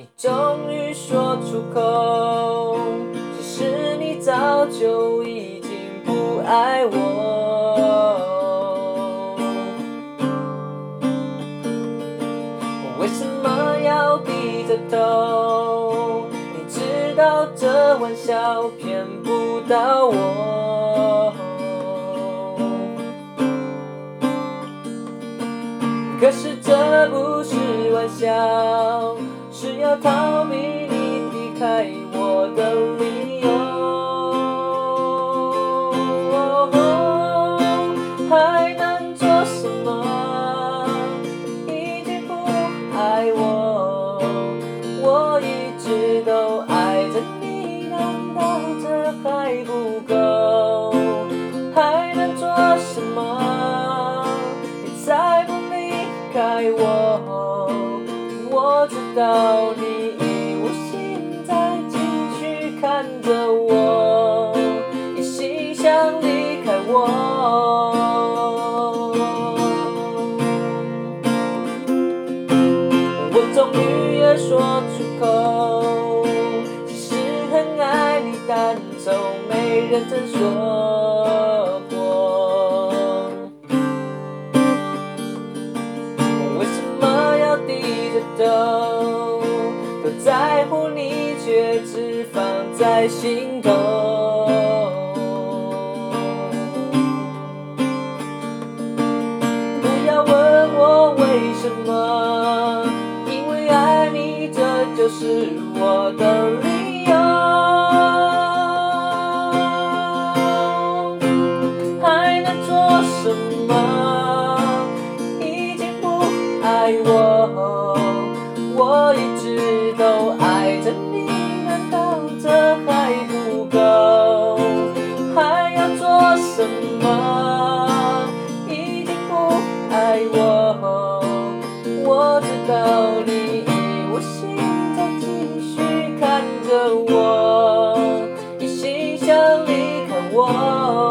你終於說出口，其實你早就已經不愛我。我為什麼要低着頭？你知道這玩笑騙不倒我。可是這不是玩笑。只要逃避你離開我的理由，哦，還能做什麼？你已經不愛我，我一直都愛着你，難道這還不夠？還能做什麼？你才不離開我？到你已無心再繼續看着我，一心想離開我。我終於也說出口，其實很愛你，但你從沒認真說。在乎你，卻只放在心頭。不要問我為什麼，因為愛你，這就是我的理由。還能做什麼？你已經不愛我。怎麼你已經不愛我？我知道你已無心再繼續看着我，一心想離開我。